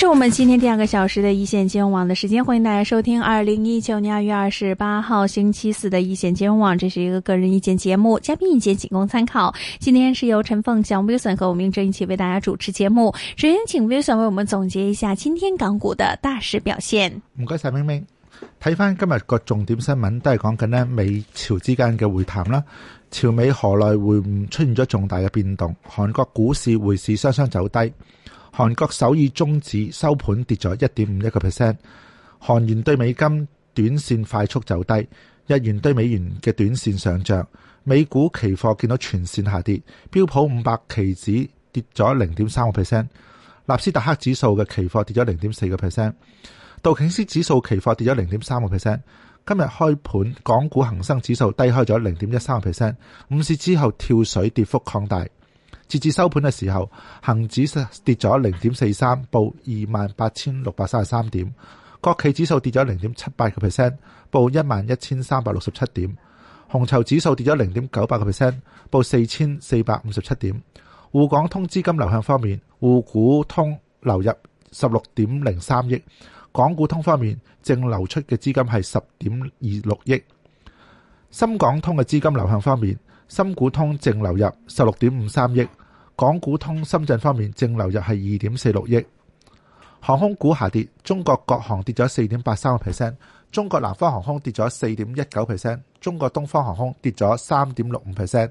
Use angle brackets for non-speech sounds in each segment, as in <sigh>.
是我們今天第二個小時的一線金融網的時間，歡迎大家收聽二零一九年二月二十八號星期四的一線金融網。這是一個個人意見節目，嘉賓意見僅供參考。今天是由陳鳳翔、Wilson 和吳明正一起為大家主持節目。首先，請 Wilson 為我們總結一下今天港股的大市表現。唔該晒，明明。睇翻今日個重點新聞，都係講緊呢美朝之間嘅會談啦。朝美河內會晤出現咗重大嘅變動，韓國股市匯市雙雙走低。韓國首爾中指收盤跌咗一點五一個 percent，韓元對美金短線快速走低，日元對美元嘅短線上漲，美股期貨見到全線下跌，標普五百期指跌咗零點三個 percent，納斯達克指數嘅期貨跌咗零點四個 percent，道瓊斯指數期貨跌咗零點三個 percent。今日開盤港股恒生指數低開咗零點一三個 percent，午市之後跳水跌幅擴大。截至收盤嘅時候，恒指跌咗零點四三，報二萬八千六百三十三點；國企指數跌咗零點七八個 percent，報一萬一千三百六十七點；紅籌指數跌咗零點九八個 percent，報四千四百五十七點。滬港通資金流向方面，滬股通流入十六點零三億，港股通方面淨流出嘅資金係十點二六億。深港通嘅資金流向方面，深股通淨流入十六點五三億。港股通深圳方面淨流入係二點四六億，航空股下跌，中國國航跌咗四點八三個 percent，中國南方航空跌咗四點一九 percent，中國東方航空跌咗三點六五 percent。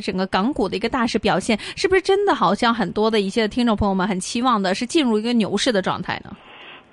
整個港股的一個大市表現，是不是真的好像很多的一些聽眾朋友們很期望的，是進入一個牛市的狀態呢？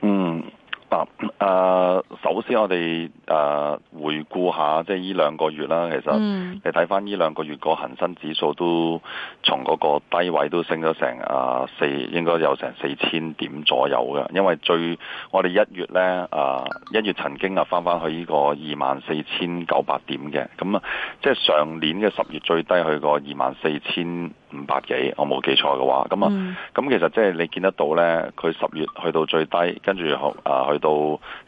嗯。嗱，誒、啊，首先我哋誒、啊、回顧下，即係呢兩個月啦。其實，你睇翻呢兩個月個恒生指數都從嗰個低位都升咗成誒四，啊、4，應該有成四千點左右嘅。因為最我哋一月咧，誒、啊、一月曾經啊翻翻去呢個二萬四千九百點嘅。咁啊，即係上年嘅十月最低去過二萬四千。五百幾，我冇記錯嘅話，咁啊，咁、嗯、其實即係你見得到呢，佢十月去到最低，跟住後啊去到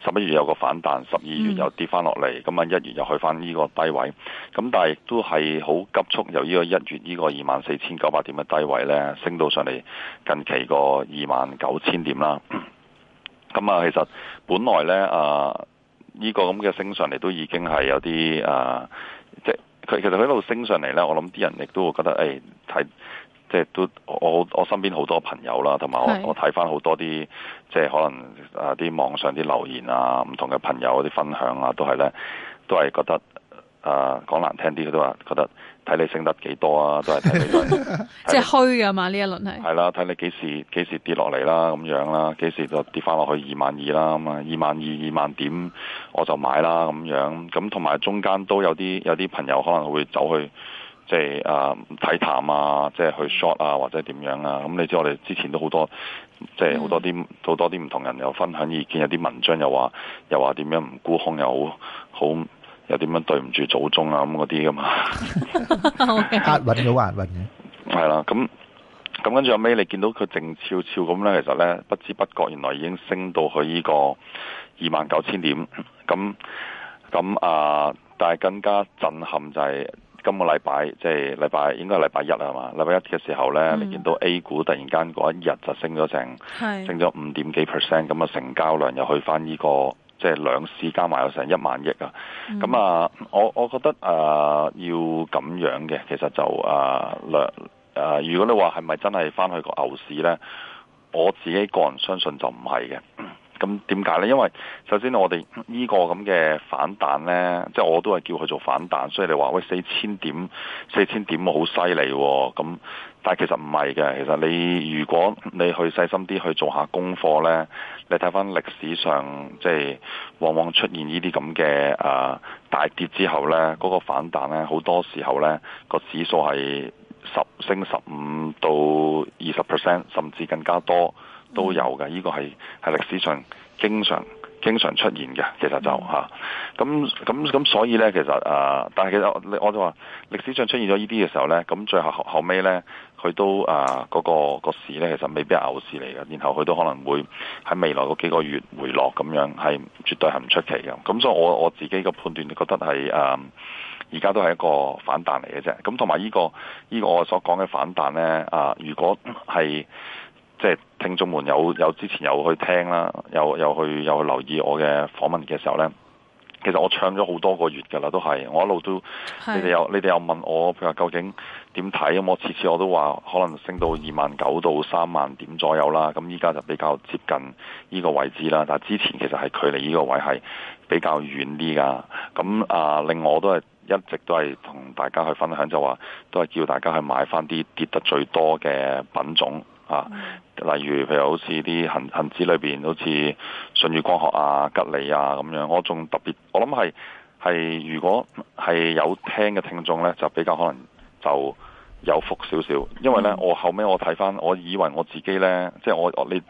十一月有個反彈，十二月又跌翻落嚟，咁啊一月又去翻呢個低位，咁但係都係好急速，由呢個一月呢個二萬四千九百點嘅低位呢，升到上嚟近期個二萬九千點啦。咁啊，其實本來呢，啊、呃，呢、呢個咁嘅升上嚟都已經係有啲啊。呃佢其實佢喺度升上嚟咧，我諗啲人亦都會覺得，誒、哎、睇即係都我我身邊好多朋友啦，同埋我的我睇翻好多啲即係可能啊啲網上啲留言啊，唔同嘅朋友啲分享啊，都係咧，都係覺得誒講難聽啲，佢都話覺得。啊睇你升得幾多啊，都係睇你。 <laughs> 你即係虛嘅嘛，呢一輪係。係啦、啊，睇你幾時幾時跌落嚟啦，咁樣啦、啊，幾時就跌翻落去二萬二啦、啊，咁啊，二萬二二萬點我就買啦，咁樣、啊。咁同埋中間都有啲有啲朋友可能會走去即係啊睇淡啊，即係去 short 啊或者點樣啊。咁、嗯、你知我哋之前都好多即係好多啲好多啲唔同人又分享意見，有啲文章又話又話點樣唔沽空又好好。又點樣對唔住祖宗啊？咁嗰啲噶嘛？揾到啊！揾到。係啦，咁咁跟住後尾，你見到佢靜悄悄咁咧，其實咧不知不覺原來已經升到去呢個二萬九千點。咁咁啊！但係更加震撼就係今個禮拜，即係禮拜應該係禮拜一係嘛？禮拜一嘅時候咧，嗯、你見到 A 股突然間嗰一日就升咗成是升咗五點幾 percent，咁啊成交量又去翻呢個。即係兩市加埋有成一萬億啊！咁啊、嗯嗯，我我覺得誒、呃、要咁樣嘅，其實就誒兩誒，如果你話係咪真係翻去個牛市呢？我自己個人相信就唔係嘅。咁點解呢？因為首先我哋呢個咁嘅反彈呢，即係我都係叫佢做反彈，所以你話喂，四千點，四千點好犀利喎。咁但係其實唔係嘅，其實你如果你去細心啲去做下功課呢，你睇翻歷史上，即係往往出現呢啲咁嘅誒大跌之後呢，嗰個反彈呢，好多時候呢個指數係十升十五到二十 percent，甚至更加多。都有嘅，呢、這個係係歷史上經常經常出現嘅，其實就吓咁咁咁，啊、所以呢，其實誒、呃，但係其實我就話歷史上出現咗呢啲嘅時候、嗯、呢，咁最後後尾呢，佢都誒嗰個、那個那個市呢，其實未必係牛市嚟嘅，然後佢都可能會喺未來嗰幾個月回落咁樣，係絕對係唔出奇嘅。咁、嗯、所以我我自己嘅判斷，就覺得係誒而家都係一個反彈嚟嘅啫。咁同埋呢個呢、這個我所講嘅反彈呢，啊、呃、如果係。即係聽眾們有有之前有去聽啦，有有去有去留意我嘅訪問嘅時候呢，其實我唱咗好多個月㗎啦，都係我一路都的你哋有你哋有問我譬如話究竟點睇、嗯，我次次我都話可能升到二萬九到三萬點左右啦。咁依家就比較接近呢個位置啦，但係之前其實係距離呢個位係比較遠啲㗎。咁、嗯、啊，另外我都係一直都係同大家去分享，就話、是、都係叫大家去買翻啲跌得最多嘅品種。啊，例如譬如好似啲恆恆指裏邊好似舜宇光學啊、吉利啊咁樣，我仲特別，我諗係係如果係有聽嘅聽眾咧，就比較可能就有福少少，因為咧、嗯、我後尾我睇翻，我以為我自己咧，即係我你。我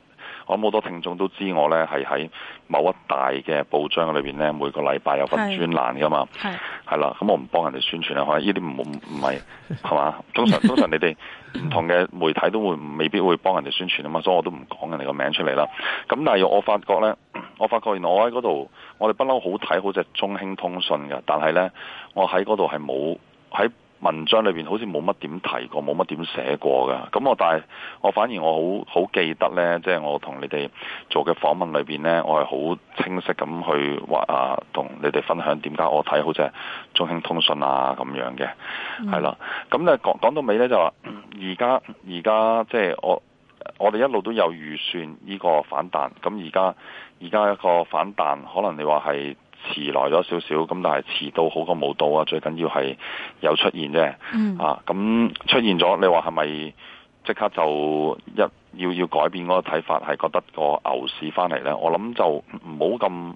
我諗好多聽眾都知我咧係喺某一大嘅報章裏邊咧，每個禮拜有份專欄噶嘛，係啦，咁我唔幫人哋宣傳啊，可能呢啲唔唔唔係係嘛？通常通常你哋唔同嘅媒體都會未必會幫人哋宣傳啊嘛，所以我都唔講人哋個名出嚟啦。咁但係我發覺咧，我發覺原來我喺嗰度，我哋不嬲好睇好隻中興通訊嘅，但係咧我喺嗰度係冇喺，文章裏邊好似冇乜點提過，冇乜點寫過㗎。咁我但係我反而我好好記得呢，即係我同你哋做嘅訪問裏邊呢，我係好清晰咁去話啊，同你哋分享點解我睇好似係中興通訊啊咁樣嘅，係啦、嗯。咁咧講講到尾呢，就話，而家而家即係我我哋一路都有預算呢個反彈，咁而家而家一個反彈可能你話係。遲來咗少少，咁但係遲到好過冇到啊！最緊要係有出現啫，mm. 啊，咁、嗯、出現咗，你話係咪即刻就一要要改變嗰個睇法，係覺得個牛市翻嚟咧？我諗就唔好咁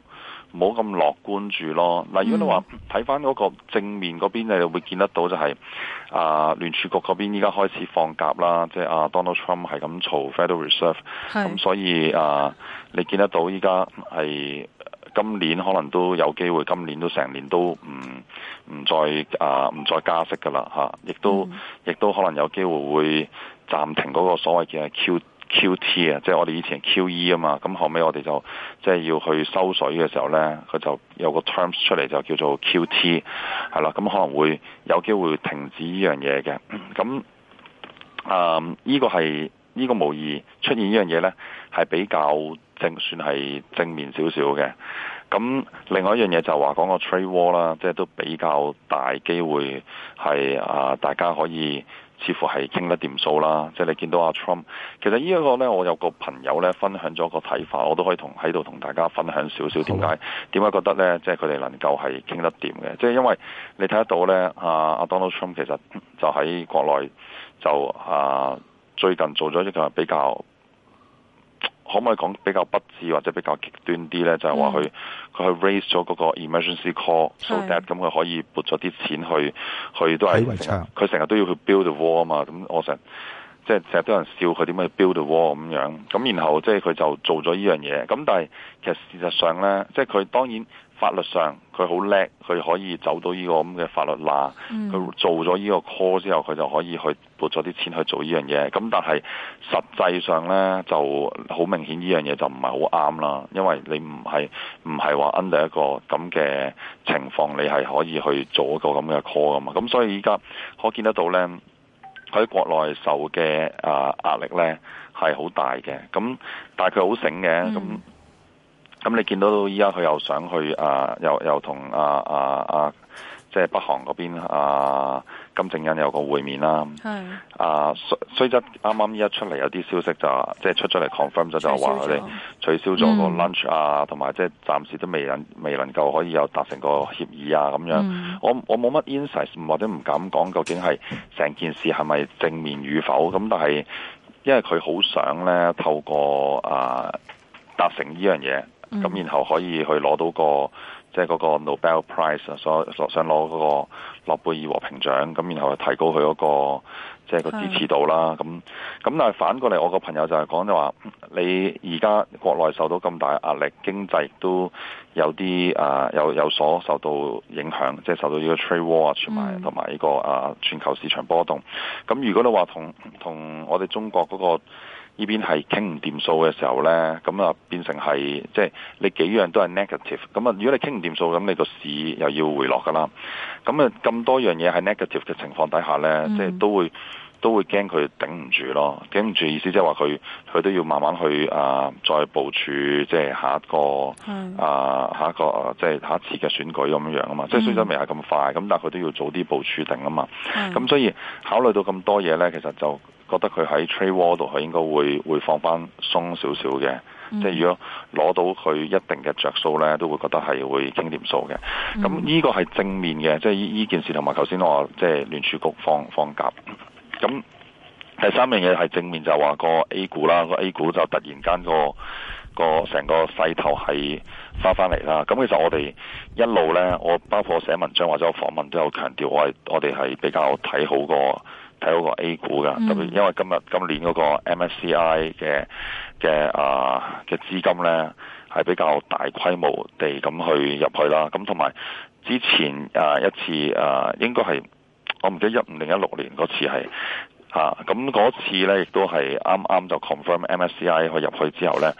唔好咁樂觀住咯。嗱如果你話睇翻嗰個正面嗰邊，你會見得到就係、是、啊聯儲局嗰邊依家開始放鴿啦，即、就、係、是、啊 Donald Trump 係咁嘈 Federal Reserve，咁是、啊、所以啊你見得到依家係。今年可能都有機會，今年都成年都唔唔再啊唔、呃、再加息噶啦嚇，亦、啊、都亦、mm. 都可能有機會會暫停嗰個所謂嘅 Q Q T 啊，即係我哋以前 Q E 啊嘛，咁後尾我哋就即係、即係、要去收水嘅時候呢，佢就有個 terms 出嚟，就叫做 Q T，係啦，咁可能會有機會停止呢樣嘢嘅，咁啊呢個係呢、呢個模擬出現呢樣嘢呢，係比較。正算係正面少少嘅，咁另外一樣嘢就話講個 trade war 啦，即係都比較大機會係啊，大家可以似乎係傾得掂數啦。即係你見到阿、啊、Trump，其實呢一個呢，我有個朋友呢分享咗個睇法，我都可以同喺度同大家分享少少，點解點解覺得呢？即係佢哋能夠係傾得掂嘅，即係因為你睇得到呢，啊阿 Donald Trump 其實就喺國內就啊最近做咗一個比較。可唔可以講比較不智或者比較極端啲咧？就係話佢佢去 raise 咗嗰個 emergency call，so 是 that 咁佢可以撥咗啲錢去去都係，佢成日都要去 build a wall 嘛。咁我成。即係成日都有人笑佢點樣去 build wall 咁樣，咁然後即係佢就做咗呢樣嘢。咁但係其實事實上呢，即係佢當然法律上佢好叻，佢可以走到呢個咁嘅法律罅。佢做咗呢個 call 之後，佢就可以去撥咗啲錢去做呢樣嘢。咁但係實際上呢，就好明顯，呢樣嘢就唔係好啱啦。因為你唔係唔係話 under 一個咁嘅情況，你係可以去做一個咁嘅 call 㗎嘛。咁所以依家可見得到呢。喺國內受嘅啊壓力咧係好大嘅，咁但係佢好醒嘅，咁咁、嗯、你見到依家佢又想去啊，又又同啊啊啊即係、就是、北韓嗰邊啊金正恩有個會面啦，係是啊雖雖則啱啱依家出嚟有啲消息就即係、就是、出咗嚟 confirm 咗就話佢哋取消咗個 lunch 啊，同埋即係暫時都未能未能夠可以有達成個協議啊咁樣。嗯我我冇乜 insight 或者唔敢講究竟係成件事係咪正面與否咁，但係因為佢好想咧透過啊達成呢樣嘢。咁然後可以去攞到個即係嗰個 Nobel Prize，所所想攞嗰個諾貝爾和平獎。咁然後提高佢嗰個即係、就是、個支持度啦。咁咁的但係反過嚟，我個朋友就係講就話，你而家國內受到咁大壓力，經濟都有啲啊，有有所受到影響，即係受到呢個 trade war 啊、同埋同埋呢個啊全球市場波動。咁如果你話同同我哋中國嗰、那個。呢邊係傾唔掂數嘅時候咧，咁啊變成係即係你幾樣都係 negative，咁啊如果你傾唔掂數，咁你個市又要回落噶啦。咁啊咁多樣嘢係 negative 嘅情況底下咧，嗯、即係都會都會驚佢頂唔住咯。頂唔住意思即係話佢佢都要慢慢去啊再部署，即係下一個、嗯、啊下一個、啊、即係下一次嘅選舉咁樣啊嘛。即係雖然未係咁快，咁、嗯、但係佢都要早啲部署定啊嘛。咁、嗯、所以考慮到咁多嘢咧，其實就覺得佢喺 trade war 度，佢應該會會放翻鬆少少嘅。嗯、即係如果攞到佢一定嘅着數咧，都會覺得係會傾掂數嘅。咁呢個係正面嘅、嗯，即係呢呢件事同埋頭先我即係聯儲局放放鴿。咁第三樣嘢係正面就話個 A 股啦，個 A 股就突然間、那個個成個勢頭係翻翻嚟啦。咁其實我哋一路咧，我包括寫文章或者訪問都有強調，我係我哋係比較睇好個。睇嗰個 A 股嘅，咁、嗯、因為今日今年嗰個 MSCI 嘅嘅啊嘅資金咧，係比較大規模地咁去入去啦。咁同埋之前啊一次啊，應該係我唔記得一五零一六年嗰次係啊，咁嗰次咧亦都係啱啱就 confirm MSCI 去入去之後咧，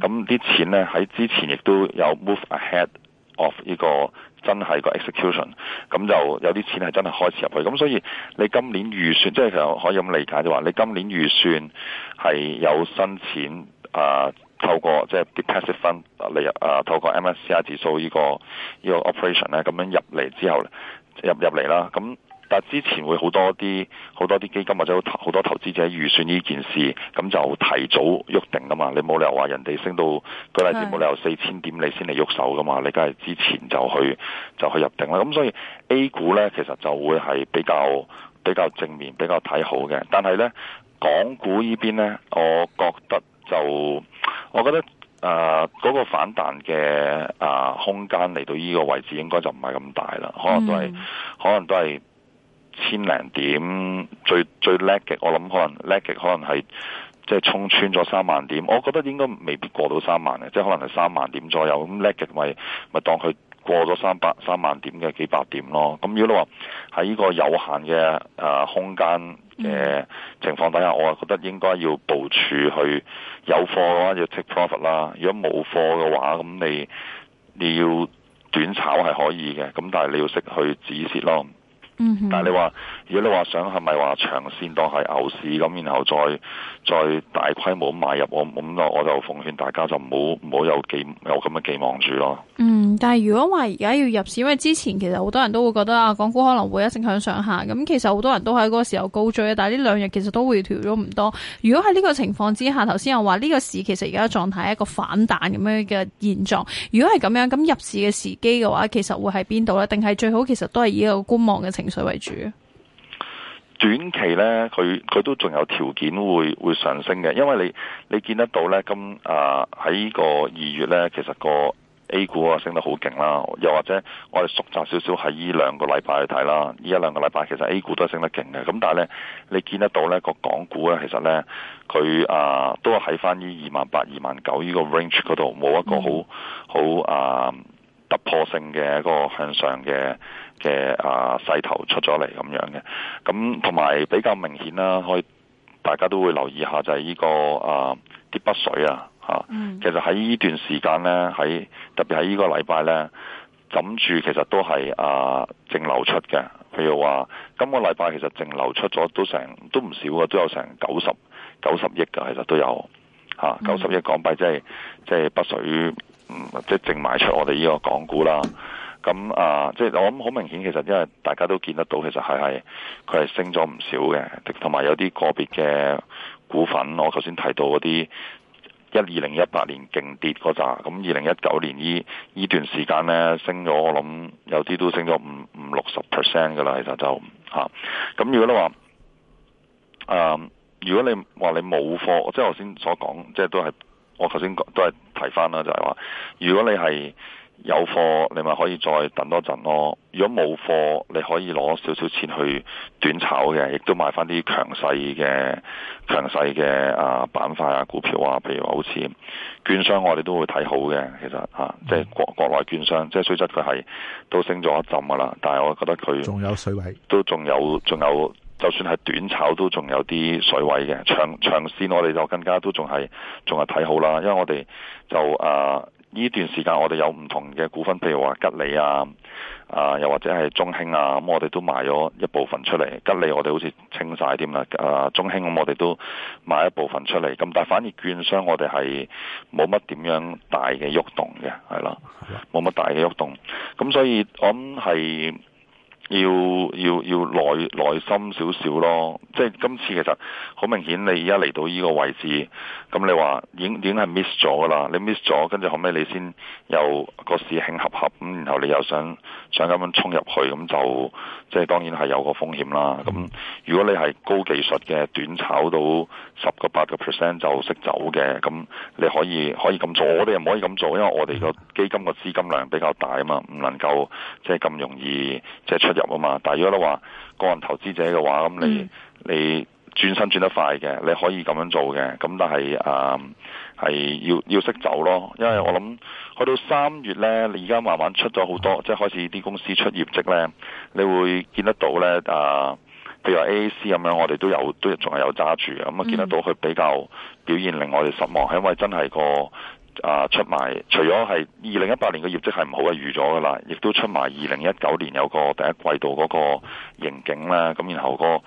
咁啲、嗯、錢咧喺之前亦都有 move ahead of 呢、這個。真係個 execution，咁就有啲錢係真係開始入去，咁所以你今年預算，即係其實可以咁理解，就話你今年預算係有新錢啊，透過即係、就是、deposit fund 嚟啊，透過 MSCI 指數呢、呢個依、呢個 operation 咧，咁樣入嚟之後入入嚟啦，咁。但之前會好多啲好多啲基金或者好多投資者預算呢件事，咁就提早喐定㗎嘛。你冇理由話人哋升到個例子冇理由四千點你先嚟喐手噶嘛。你梗係之前就去就去入定啦。咁所以 A 股呢，其實就會係比較比較正面，比較睇好嘅。但係呢，港股呢邊呢，我覺得就我覺得誒嗰、呃嗰個反彈嘅啊、呃、空間嚟到呢個位置應該就唔係咁大啦。可能都係、嗯、可能都係。千零點最最叻嘅，我諗可能叻嘅可能係即係衝穿咗三萬點，我覺得應該未必過到三萬嘅，即係可能係三萬點左右。咁叻嘅咪咪當佢過咗三百三萬點嘅幾百點咯。咁如果你話喺呢個有限嘅誒空間嘅情況底下，我覺得應該要部署去有貨嘅話要 take profit 啦。如果冇貨嘅話，咁你你要短炒係可以嘅，咁但係你要識去止蝕咯。嗯，但係你話，如果你話想係咪話長線當係牛市咁，然後再再大規模咁買入我，咁我我就奉勸大家就唔好唔好有寄有咁嘅寄望住咯。嗯，但係如果話而家要入市，因為之前其實好多人都會覺得啊，港股可能會一直向上下，咁其實好多人都喺嗰個時候高追，但係呢兩日其實都會調咗唔多。如果喺呢個情況之下，頭先又話呢個市其實而家狀態係一個反彈咁樣嘅現狀。如果係咁樣，咁入市嘅時機嘅話，其實會喺邊度呢？定係最好其實都係以一個觀望嘅情況。水為主，短期咧，佢佢都仲有條件會會上升嘅，因為你你見得到咧，今啊喺、呃、呢個二月咧，其實個 A 股啊升得好勁啦，又或者我哋熟習少少喺呢兩個禮拜去睇啦，呢一兩個禮拜其實 A 股都係升得勁嘅，咁但係咧，你見得到咧，個港股咧，其實咧佢啊都係喺翻呢二萬八、二萬九呢個 range 嗰度，冇一個、嗯、好好啊。呃突破性嘅一個向上嘅嘅啊勢頭出咗嚟咁樣嘅，咁同埋比較明顯啦，可以大家都會留意下，就係呢個啊啲北水啊吓，其實喺呢段時間咧，喺特別喺呢個禮拜咧，枕住其實都係啊淨流出嘅，譬如話今個禮拜其實淨流出咗都成都唔少嘅，都有成九十九十億嘅，其實都有吓九十億港幣，即係即係北水。即係淨賣出我哋呢個港股啦，咁、嗯嗯、啊，即係我諗好明顯，其實因為大家都見得到，其實係係佢係升咗唔少嘅，同埋有啲個別嘅股份，我頭先提到嗰啲一二零一八年勁跌嗰扎，咁二零一九年呢呢段時間呢，升咗，我諗有啲都升咗五五六十 percent 噶啦，其實就吓，咁、啊、如果你話誒、啊，如果你話你冇貨，即係頭先所講，即係都係。我頭先都係提翻啦，就係話，如果你係有貨，你咪可以再等多陣咯；如果冇貨，你可以攞少少錢去短炒嘅，亦都買翻啲強勢嘅強勢嘅啊板塊啊股票啊，譬如話好似券商，我哋都會睇好嘅。其實啊，即係國，嗯，國內券商，即係雖則佢係都升咗一浸噶啦，但係我覺得佢仲有水位，都仲有仲有。就算係短炒都仲有啲水位嘅，長長線我哋就更加都仲係仲係睇好啦，因為我哋就啊呢、呃、段時間我哋有唔同嘅股份，譬如話吉利啊，啊、呃、又或者係中興啊，咁、嗯、我哋都賣咗一部分出嚟。吉利我哋好似清晒添啦，啊、呃、中興咁、嗯、我哋都賣一部分出嚟。咁但係反而券商我哋係冇乜點樣大嘅喐動嘅，係咯，冇乜大嘅喐動動。咁所以我諗係。要要要耐耐心少少咯，即係今次其實好明顯你而家嚟到依個位置，咁你話已經已經係 miss 咗噶啦。你 miss 咗，跟住後屘你先有個市慶合合，咁然後你又想想咁樣衝入去，咁就即係當然係有個風險啦。咁如果你係高技術嘅短炒到十個八個 percent 就識走嘅，咁你可以可以咁做。我哋又唔可以咁做，因為我哋個基金個資金量比較大啊嘛，唔能夠即係咁容易即係出。入啊嘛，但係如果你話個人投資者嘅話，咁你、嗯、你轉身轉得快嘅，你可以咁樣做嘅，咁但係啊係要要識走咯，因為我諗去到三月咧，你而家慢慢出咗好多，即係開始啲公司出業績咧，你會見得到咧啊，譬、呃、如話 AAC 咁樣，我哋都有都仲係有揸住嘅，咁、嗯、啊、嗯、見得到佢比較表現令我哋失望，係因為真係個。啊！出埋除咗係二零一八年嘅業績係唔好嘅預咗噶啦，亦都出埋二零一九年有個第一季度嗰個盈警咧，咁然後、那個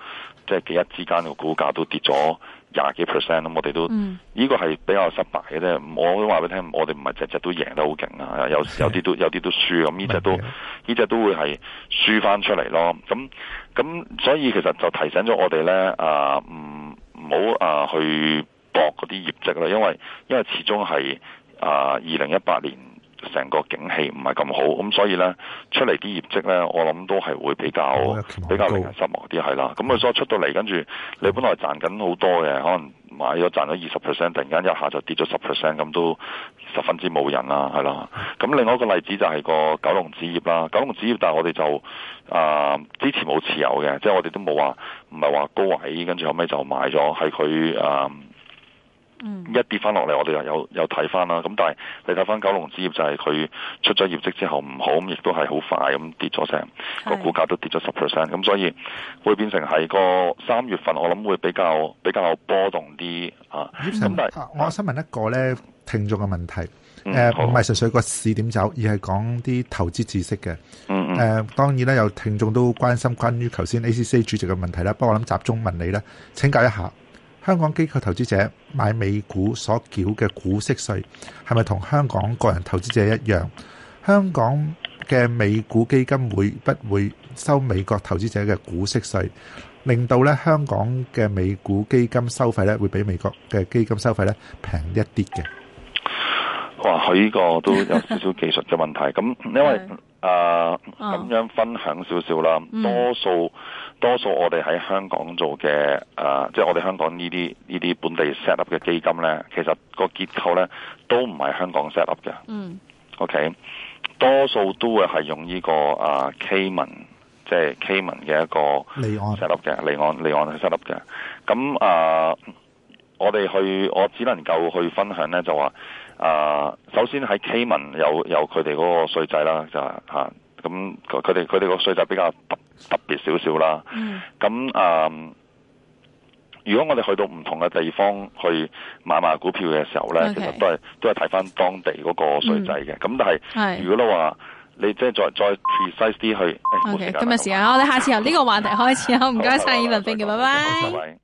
即係、就是、幾日之間嘅股價都跌咗廿幾 percent 啦。我哋都呢、嗯、個係比較失敗嘅啫。我都話俾你聽，我哋唔係隻隻都贏得好勁啊，有有啲都有啲都，都輸咁，呢隻都呢隻都會係輸翻出嚟咯。咁咁所以其實就提醒咗我哋咧啊，唔唔好啊去搏嗰啲業績啦，因為因為始終係。啊！二零一八年成個景氣唔係咁好，咁所以呢，出嚟啲業績呢，我諗都係會比較、啊、比較令人失望啲係啦。咁佢、嗯嗯、所以出到嚟，跟住你本來賺緊好多嘅，可能買咗賺咗二十 percent，突然間一下就跌咗十 percent，咁都十分之冇人啊，係啦。咁、嗯、另外一個例子就係個九龍紙業啦。九龍紙業，但係我哋就啊、呃、之前冇持有嘅，即係我哋都冇話唔係話高位，跟住後尾就買咗，係佢啊。嗯、一跌翻落嚟，我哋又有有睇翻啦。咁但係你睇翻九龍置業，就係佢出咗業績之後唔好，咁亦都係好快咁跌咗成個是股價都跌咗十 percent。咁的所以會變成係個三月份，我諗會比較比較波動啲啊。咁、嗯、但係是我想問一個咧聽眾嘅問題，誒唔係純粹個市點走，而係講啲投資知識嘅。誒、嗯嗯呃、當然啦，有聽眾都關心關於頭先 A C C 主席嘅問題啦。不過我諗集中問你咧，請教一下。香港機構投資者買美股所繳嘅股息稅係咪同香港個人投資者一樣？香港嘅美股基金會不會收美國投資者嘅股息稅？令到咧香港嘅美股基金收費咧會比美國嘅基金收費咧平一啲嘅？哇，佢、這、呢個都有少少技術嘅問題。咁 <laughs> 因為誒咁的、呃、樣分享少少啦，多數、嗯。多數我哋喺香港做嘅，誒、呃，即、就、係、是、我哋香港呢啲呢啲本地 set up 嘅基金咧，其實個結構咧都唔係香港 set up 嘅。嗯。O、okay? K，多數都會係用呢、這個啊 Cayman，即係 Cayman 嘅一個離岸 set up 嘅，離岸離岸，岸 set up 嘅。咁啊、呃，我哋去，我只能夠去分享咧，就話啊、呃，首先喺 Cayman 有有佢哋嗰個稅制啦，就係吓。啊。咁佢哋佢哋個稅就比較特特別少少啦。咁啊，如果我哋去到唔同嘅地方去買賣股票嘅時候咧，其實都係都係睇翻當地嗰個稅制嘅。咁但係，如果咧話你即係再再 precise 啲去。OK，今日時間我哋下次由呢個話題開始，好唔該晒，依文，thank you，拜拜。